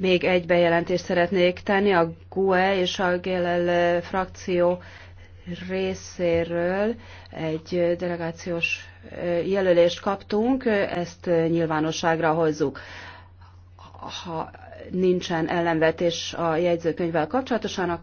Még egy bejelentést szeretnék tenni a GUE és a GLL eh, frakció részéről egy eh, delegációs eh, jelölést kaptunk, ezt nyilvánosságra hozzuk. Ha nincsen ellenvetés a jegyzőkönyvvel kapcsolatosan,